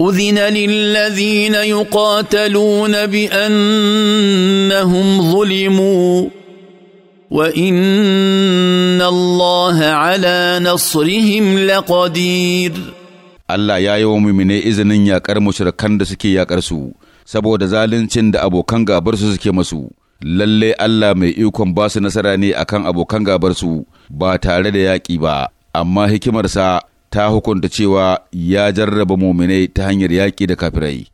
اذن للذين يقاتلون بانهم ظلموا وان الله على نصرهم لقدير Allah ya yi wa mumine izinin yaƙar mushrikan da suke yaƙar saboda zaluncin da abokan gabarsu suke masu, Lallai Allah mai ikon basu nasara ne akan abokan gabarsu, ba tare da yaƙi ba, amma hikimarsa ta hukunta cewa ya jarraba muminai ta hanyar yaƙi da kafirai.